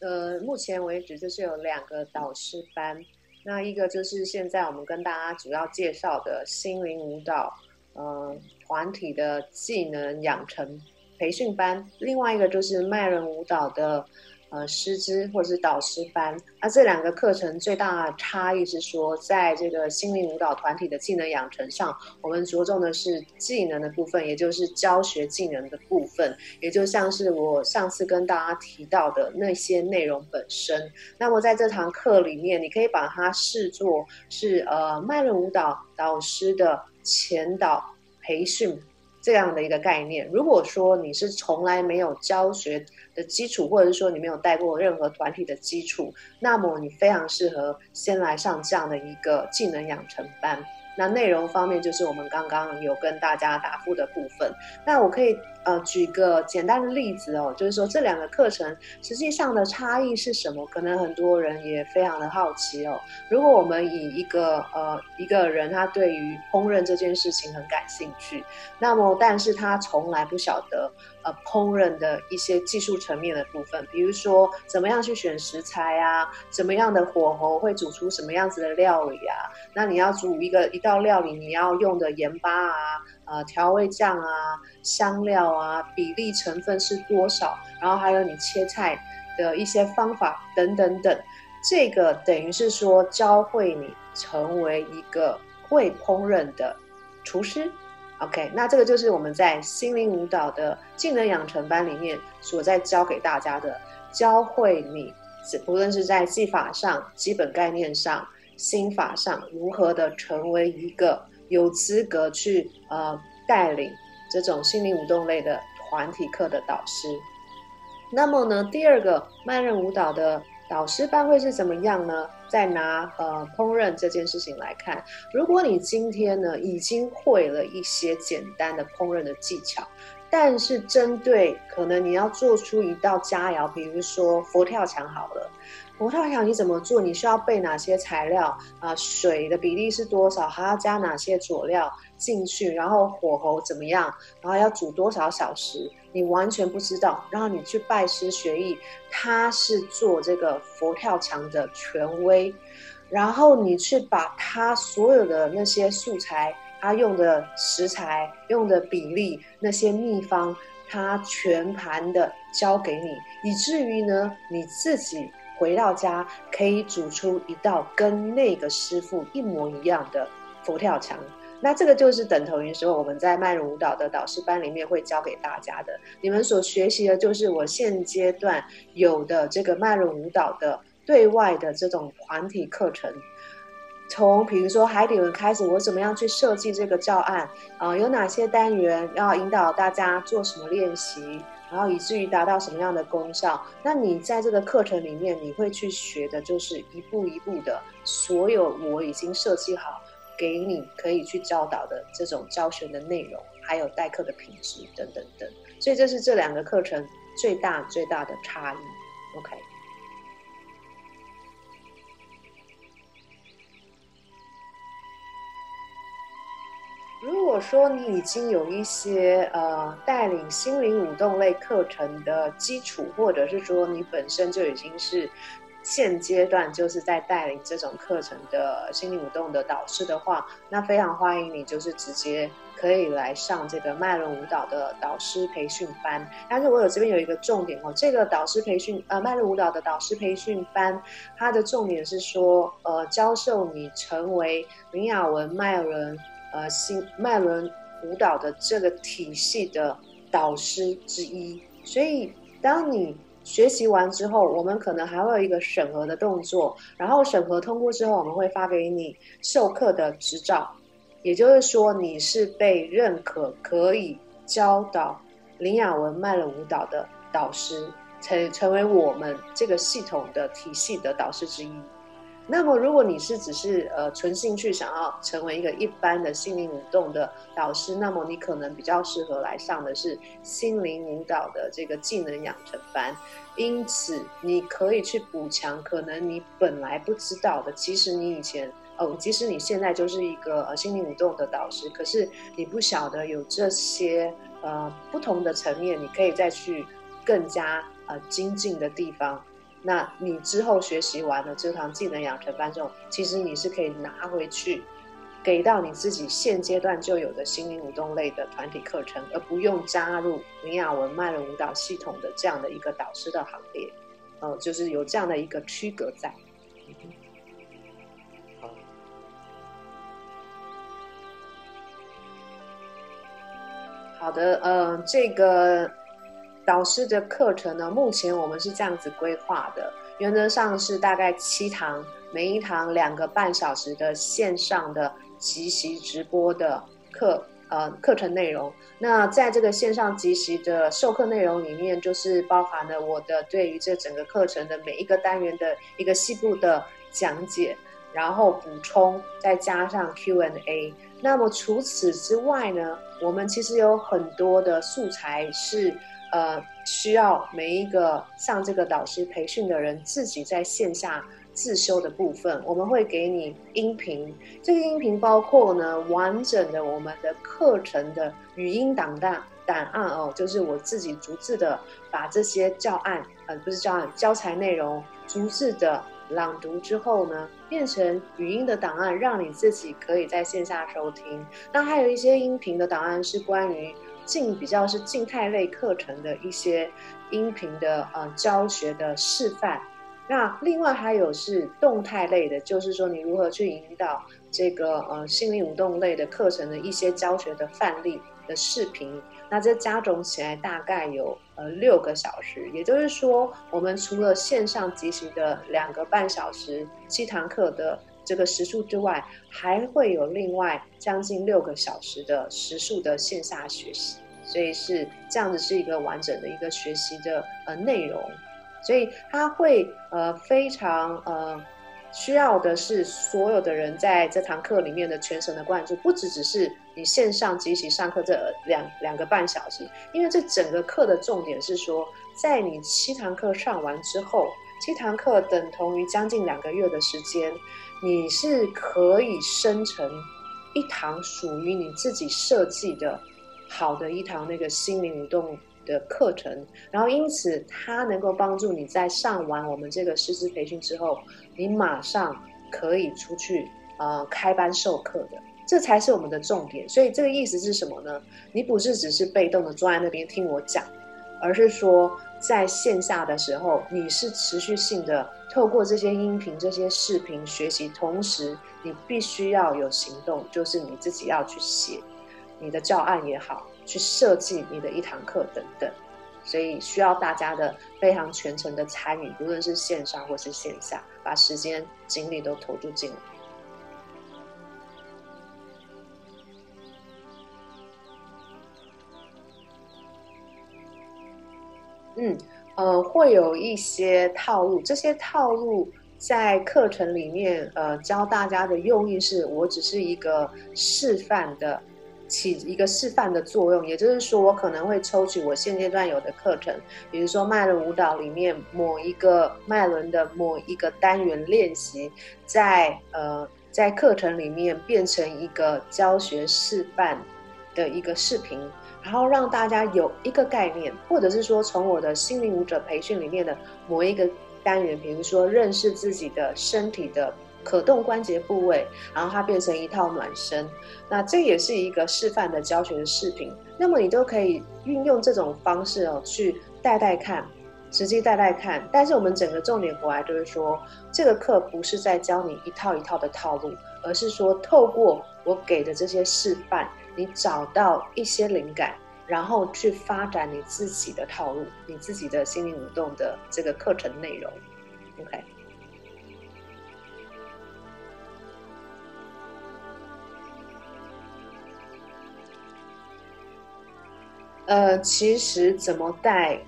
呃，目前為止就是有兩個導師班，那一個就是現在我們跟大家主要介紹的心靈舞蹈，呃，團體的技能養成培訓班，另外一個就是脈輪舞蹈的。呃，師資或者是導師班，那、啊、這兩個課程最大的差異是說，在這個心靈舞蹈團體的技能養成上，我們着重的是技能的部分，也就是教學技能的部分，也就像是我上次跟大家提到的那些內容本身。那麼在這堂課裡面，你可以把它視作是呃，脈輪舞蹈導師的前導培訓這樣的一個概念。如果說你是從來沒有教學，基礎，或者是說你沒有帶過任何團體的基礎，那麼你非常適合先來上這樣的一個技能養成班。那內容方面就是我們剛剛有跟大家答覆的部分，那我可以。呃，舉個簡單的例子哦，就是說這兩個課程實際上的差異是什麼？可能很多人也非常的好奇哦。如果我們以一個呃一個人，他對於烹飪這件事情很感興趣，那麼但是他從來不曉得呃烹飪的一些技術層面的部分，比如說怎麼樣去選食材啊，怎麼樣的火候會煮出什麼樣子的料理啊？那你要煮一個一道料理，你要用的鹽巴啊。啊、呃，調味醬啊，香料啊，比例成分是多少？然後還有你切菜的一些方法等等等，這個等於是說教會你成為一個會烹飪的廚師。OK，那這個就是我們在心靈舞蹈的技能養成班裡面所在教給大家的，教會你無論是在技法上、基本概念上、心法上，如何的成為一個。有資格去呃帶領這種心靈舞動類的團體課的導師，那麼呢，第二個脈輪舞蹈的。導師班會是怎麼樣呢？再拿呃烹飪這件事情來看，如果你今天呢已經會了一些簡單的烹飪的技巧，但是針對可能你要做出一道佳餚，比如說佛跳牆好了，佛跳牆你怎麼做？你需要備哪些材料啊？水的比例是多少？還要加哪些佐料進去？然後火候怎麼樣？然後要煮多少小時？你完全不知道，然後你去拜師學藝，他是做這個佛跳牆的權威，然後你去把他所有的那些素材，他用的食材、用的比例、那些秘方，他全盤的教給你，以至於呢，你自己回到家可以煮出一道跟那個師傅一模一樣的佛跳牆。那這個就是等同於說，我們在脈輪舞蹈的導師班裡面會教給大家的。你們所學習的就是我現階段有的這個脈輪舞蹈的對外的這種團體課程。從比如說海底輪開始，我怎麼樣去設計這個教案啊？有哪些單元要引導大家做什麼練習，然後以至於達到什麼樣的功效？那你在這個課程裡面，你會去學的就是一步一步的，所有我已經設計好。給你可以去教導的這種教學的內容，還有代課的品質等等等，所以這是這兩個課程最大最大的差異。OK。如果說你已經有一些呃帶領心靈舞動類課程的基礎，或者是說你本身就已經是。現階段就是在帶領這種課程的心靈舞動的導師的話，那非常歡迎你，就是直接可以來上這個脈輪舞蹈的導師培訓班。但是我有這邊有一個重點哦，這個導師培訓呃，脈輪舞蹈的導師培訓班，它的重點是說呃，教授你成為林雅文脈輪呃新脈輪舞蹈的這個體系的導師之一。所以當你學習完之後，我們可能還會有一個審核的動作，然後審核通過之後，我們會發給你授課的執照，也就是說，你是被認可可以教導林雅文脈輪舞蹈的導師，成成為我們這個系統的體系的導師之一。那麼，如果你是只是呃純興趣想要成為一個一般的心靈舞動的導師，那麼你可能比較適合來上的是心靈舞蹈的這個技能養成班。因此，你可以去補強可能你本來不知道的。其實你以前哦，即使你現在就是一個呃心靈舞動的導師，可是你不曉得有這些呃不同的層面，你可以再去更加呃精進的地方。那你之後學習完了這堂技能養成班之後，其實你是可以拿回去，給到你自己現階段就有的心靈舞動類的團體課程，而不用加入明雅文脈輪舞蹈系統的這樣的一個導師的行列，哦、呃，就是有這樣的一個區隔在。好。好的，呃，這個。導師的課程呢，目前我們是這樣子規劃的，原則上是大概七堂，每一堂兩個半小時的線上的即席直播的課，呃，課程內容。那在這個線上即席的授課內容裡面，就是包含了我的對於這整個課程的每一個單元的一個細部的講解，然後補充，再加上 Q&A。那麼除此之外呢，我們其實有很多的素材是。呃，需要每一個上這個導師培訓的人自己在線下自修的部分，我們會給你音頻。這個音頻包括呢，完整的我們的課程的語音檔檔檔案哦，就是我自己逐字的把這些教案，呃，不是教案，教材內容逐字的朗讀之後呢，變成語音的檔案，讓你自己可以在線下收聽。那還有一些音頻的檔案是關於。比較是靜態類課程的一些音頻的呃教學的示範，那另外還有是動態類的，就是說你如何去引導這個呃心靈舞動類的課程的一些教學的範例的視頻，那這加總起來大概有呃六個小時，也就是說我們除了線上集訓的兩個半小時七堂課的。這個時數之外，還會有另外將近六個小時的時數的線下學習，所以是這樣子，是一個完整的一個學習的呃內容。所以它會呃非常呃需要的是所有的人在這堂課裡面的全神的關注，不只只是你線上即時上課這兩兩個半小時，因為這整個課的重點是說，在你七堂課上完之後，七堂課等同於將近兩個月的時間。你是可以生成一堂屬於你自己設計的好的一堂那個心靈舞動的課程，然後因此它能夠幫助你在上完我們這個師資培訓之後，你馬上可以出去啊、呃、開班授課的，這才是我們的重點。所以這個意思是什麼呢？你不是只是被動的坐在那邊聽我講，而是說在線下的時候你是持續性的。透過這些音頻、這些視頻學習，同時你必須要有行動，就是你自己要去寫你的教案也好，去設計你的一堂課等等。所以需要大家的非常全程的參與，無論是線上或是線下，把時間、精力都投入進來。嗯。呃，會有一些套路，這些套路在課程裡面，呃，教大家的用意是，我只是一個示範的，起一個示範的作用，也就是說，我可能會抽取我現階段有的課程，比如說脈輪舞蹈裡面某一個脈輪的某一個單元練習在，在呃，在課程裡面變成一個教學示範。的一個視頻，然後讓大家有一個概念，或者是說從我的心靈舞者培訓裡面的某一個單元，比如說認識自己的身體的可動關節部位，然後它變成一套暖身，那這也是一個示範的教學的視頻。那麼你都可以運用這種方式哦，去帶帶看，實際帶帶看。但是我們整個重點過來就是說，這個課不是在教你一套一套的套路，而是說透過我給的這些示範。你找到一些靈感，然後去發展你自己的套路，你自己的心靈舞動的這個課程內容，OK。呃，其實怎麼帶，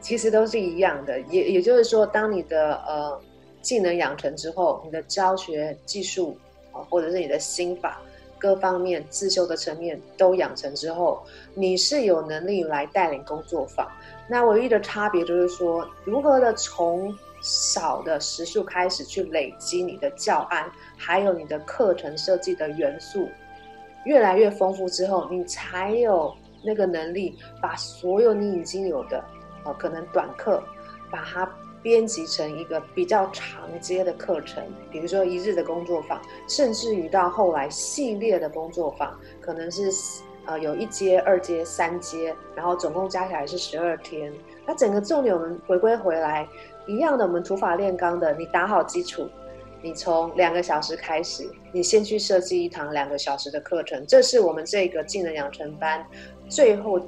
其實都是一樣的，也也就是說，當你的呃技能養成之後，你的教學技術啊，或者是你的心法。各方面自修的層面都養成之後，你是有能力來帶領工作坊。那唯一的差別就是說，如何的從少的時數開始去累積你的教案，還有你的課程設計的元素越來越豐富之後，你才有那個能力把所有你已經有的，呃、可能短課，把它，編輯成一個比較長階的課程，比如說一日的工作坊，甚至於到後來系列的工作坊，可能是呃有一階、二階、三階，然後總共加起來是十二天。那整個重點，我們回歸回來，一樣的，我們土法煉鋼的，你打好基礎，你從兩個小時開始，你先去設計一堂兩個小時的課程，這是我們這個技能養成班最後。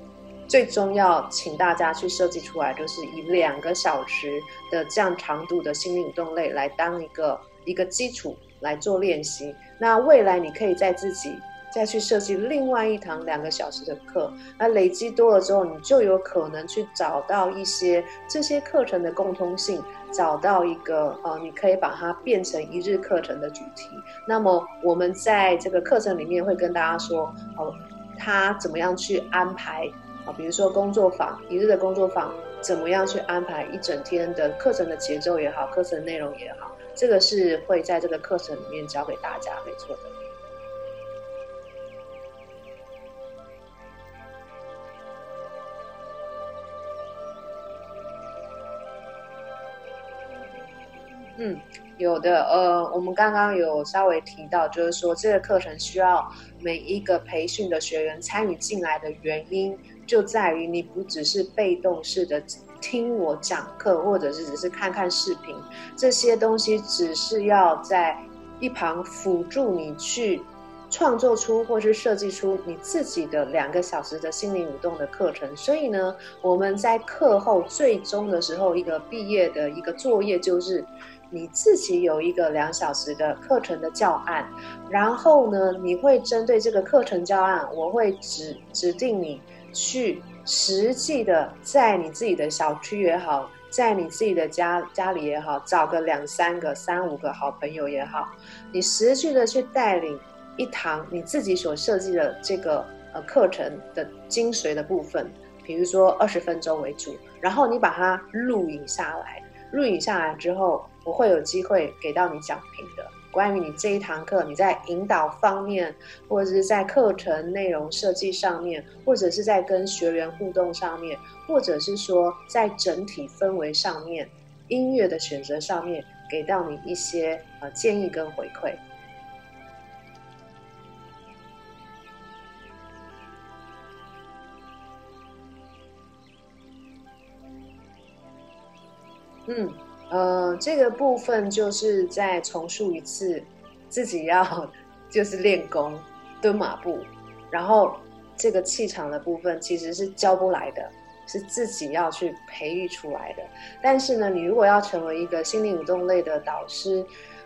最終要請大家去設計出來，就是以兩個小時的這樣長度的心靈舞動類，來當一個一個基礎來做練習。那未來你可以再自己再去設計另外一堂兩個小時的課，那累積多了之後，你就有可能去找到一些這些課程的共通性，找到一個呃，你可以把它變成一日課程的主題。那麼我們在這個課程裡面會跟大家說，哦，他怎麼樣去安排。比如說工作坊，一日的工作坊，怎麼樣去安排一整天的課程的節奏也好，課程內容也好，這個是會在這個課程裡面教給大家，沒錯的。嗯，有的，呃，我們剛剛有稍微提到，就是說這個課程需要每一個培訓的學員參與進來的原因，就在於你不只是被動式的聽我講課，或者是只是看看視頻，這些東西只是要在一旁輔助你去創作出或是設計出你自己的兩個小時的心靈舞動的課程。所以呢，我們在課後最終的時候，一個畢業的一個作業就是。你自己有一個兩小時的課程的教案，然後呢，你會針對這個課程教案，我會指指定你去實際的在你自己的小區也好，在你自己的家家裡也好，找個兩三個、三五個好朋友也好，你實際的去帶領一堂你自己所設計的這個呃課程的精髓的部分，比如說二十分鐘為主，然後你把它錄影下來。錄影下來之後，我會有機會給到你講評的。關於你這一堂課，你在引導方面，或者是在課程內容設計上面，或者是在跟學員互動上面，或者是說在整體氛圍上面、音樂的選擇上面，給到你一些呃建議跟回饋。嗯，呃，這個部分就是再重述一次，自己要就是練功，蹲馬步，然後這個氣場的部分其實是教不來的，是自己要去培育出來的。但是呢，你如果要成為一個心靈舞動類的導師，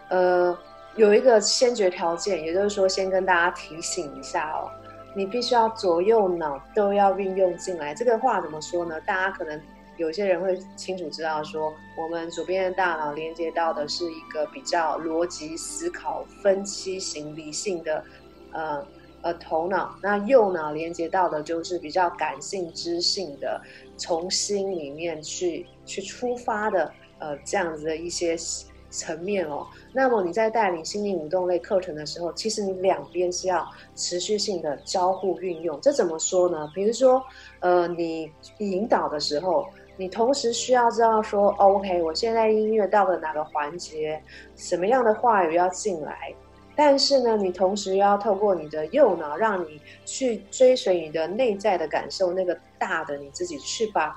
呃，有一個先決條件，也就是說，先跟大家提醒一下哦，你必須要左右腦都要運用進來。這個話怎麼說呢？大家可能。有些人會清楚知道，說我們左邊的大腦連接到的是一個比較邏輯思考、分析型理性的，呃呃頭腦，那右腦連接到的就是比較感性知性的，從心裡面去去出發的，呃這樣子的一些層面哦。那麼你在帶領心靈舞動類課程的時候，其實你兩邊是要持續性的交互運用。這怎麼說呢？比如說，呃，你引導的時候。你同時需要知道說，OK，我現在音樂到了哪個環節，什麼樣的話語要進來？但是呢，你同時又要透過你的右腦，讓你去追隨你的內在的感受，那個大的你自己去把，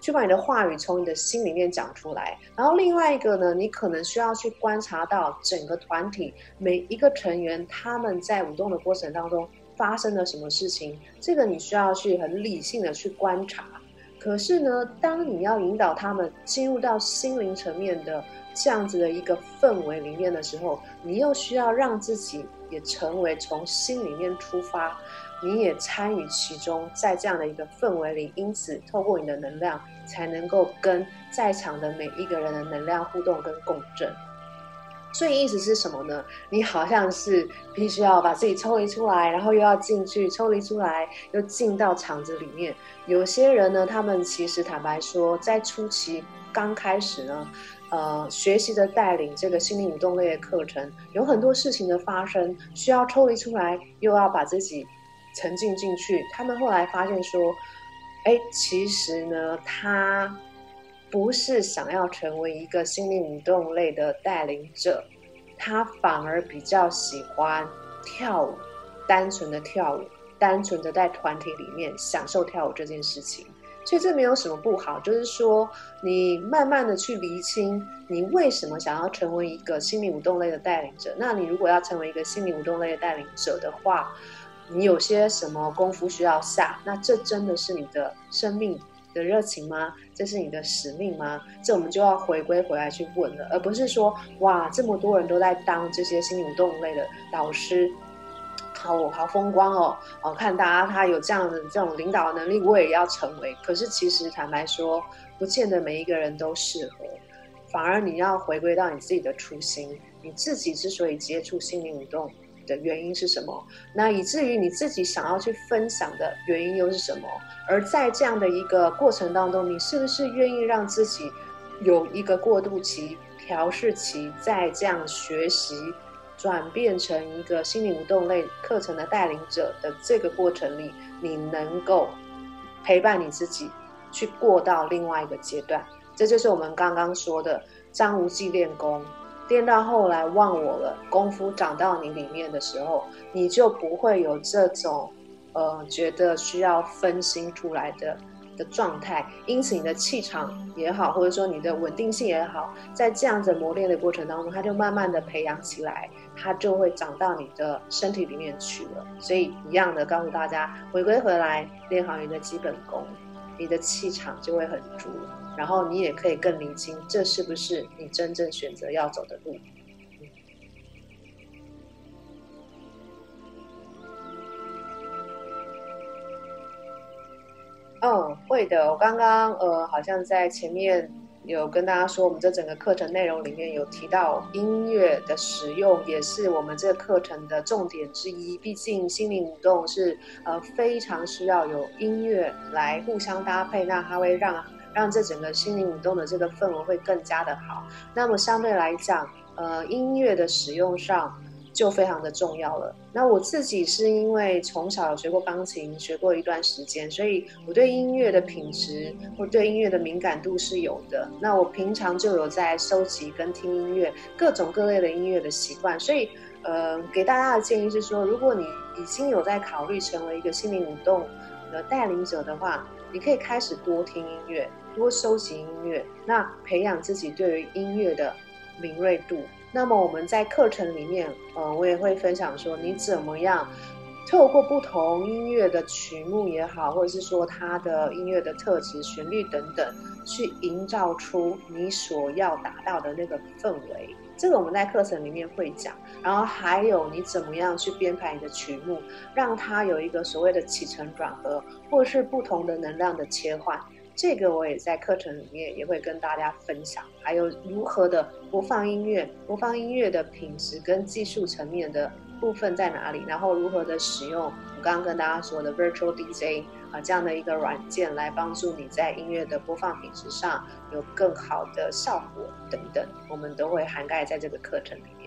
去把你的話語從你的心裡面講出來。然後另外一個呢，你可能需要去觀察到整個團體每一個成員他們在舞動的過程當中發生了什麼事情，這個你需要去很理性的去觀察。可是呢，當你要引導他們進入到心靈層面的這樣子的一個氛圍裡面的時候，你又需要讓自己也成為從心裡面出發，你也參與其中，在這樣的一個氛圍裡，因此透過你的能量才能夠跟在場的每一個人的能量互動跟共振。所以意思是什麼呢？你好像是必須要把自己抽離出來，然後又要進去，抽離出來又進到場子裡面。有些人呢，他們其實坦白說，在初期剛開始呢，呃，學習着帶領這個心靈舞動類的課程，有很多事情的發生，需要抽離出來，又要把自己沉浸進去。他們後來發現說，誒，其實呢，他。不是想要成為一個心靈舞動類的帶領者，他反而比較喜歡跳舞，單純的跳舞，單純的在團體裡面享受跳舞這件事情。所以這沒有什麼不好，就是說你慢慢的去釐清你為什麼想要成為一個心靈舞動類的帶領者。那你如果要成為一個心靈舞動類的帶領者的話，你有些什麼功夫需要下？那這真的是你的生命。的熱情嗎？這是你的使命嗎？這我們就要回歸回來去問了，而不是說哇，這麼多人都在當這些心靈舞動類的導師，好好風光哦！看大家他有這樣的這種領導能力，我也要成為。可是其實坦白說，不見得每一個人都適合，反而你要回歸到你自己的初心。你自己之所以接觸心靈舞動，的原因是什麼？那以至於你自己想要去分享的原因又是什麼？而在這樣的一個過程當中，你是不是願意讓自己有一個過渡期、調試期，在這樣學習轉變成一個心靈舞動類課程的帶領者的這個過程裡，你能夠陪伴你自己去過到另外一個階段？這就是我們剛剛說的張無忌練功。練到後來忘我了，功夫長到你裡面的時候，你就不會有這種，呃，覺得需要分心出來的的狀態。因此，你的氣場也好，或者說你的穩定性也好，在這樣子磨練的過程當中，它就慢慢的培養起來，它就會長到你的身體裡面去了。所以，一樣的告訴大家，回歸回來練好你的基本功，你的氣場就會很足。然後你也可以更理清，這是不是你真正選擇要走的路？嗯，嗯，會的。我剛剛呃，好像在前面有跟大家說，我們這整個課程內容裡面有提到音樂的使用，也是我們這個課程的重點之一。畢竟心靈舞動是呃非常需要有音樂來互相搭配，那它會讓。讓這整個心靈舞動的這個氛圍會更加的好。那麼相對來講，呃，音樂的使用上就非常的重要了。那我自己是因為從小學過鋼琴，學過一段時間，所以我對音樂的品質或對音樂的敏感度是有的。那我平常就有在收集跟聽音樂各種各類的音樂的習慣。所以，呃，給大家的建議是說，如果你已經有在考慮成為一個心靈舞動的帶領者的話，你可以開始多聽音樂。多收集音樂，那培養自己對於音樂的敏銳度。那麼我們在課程裡面，呃、嗯，我也會分享說你怎麼樣透過不同音樂的曲目也好，或者是說它的音樂的特質、旋律等等，去營造出你所要達到的那個氛圍。這個我們在課程裡面會講。然後還有你怎麼樣去編排你的曲目，讓它有一個所謂的起承轉合，或者是不同的能量的切換。這個我也在課程裡面也會跟大家分享，還有如何的播放音樂，播放音樂的品質跟技術層面的部分在哪裡，然後如何的使用我剛剛跟大家說的 Virtual DJ 啊，這樣的一個軟件來幫助你在音樂的播放品質上有更好的效果等等，我們都會涵蓋在這個課程裡面。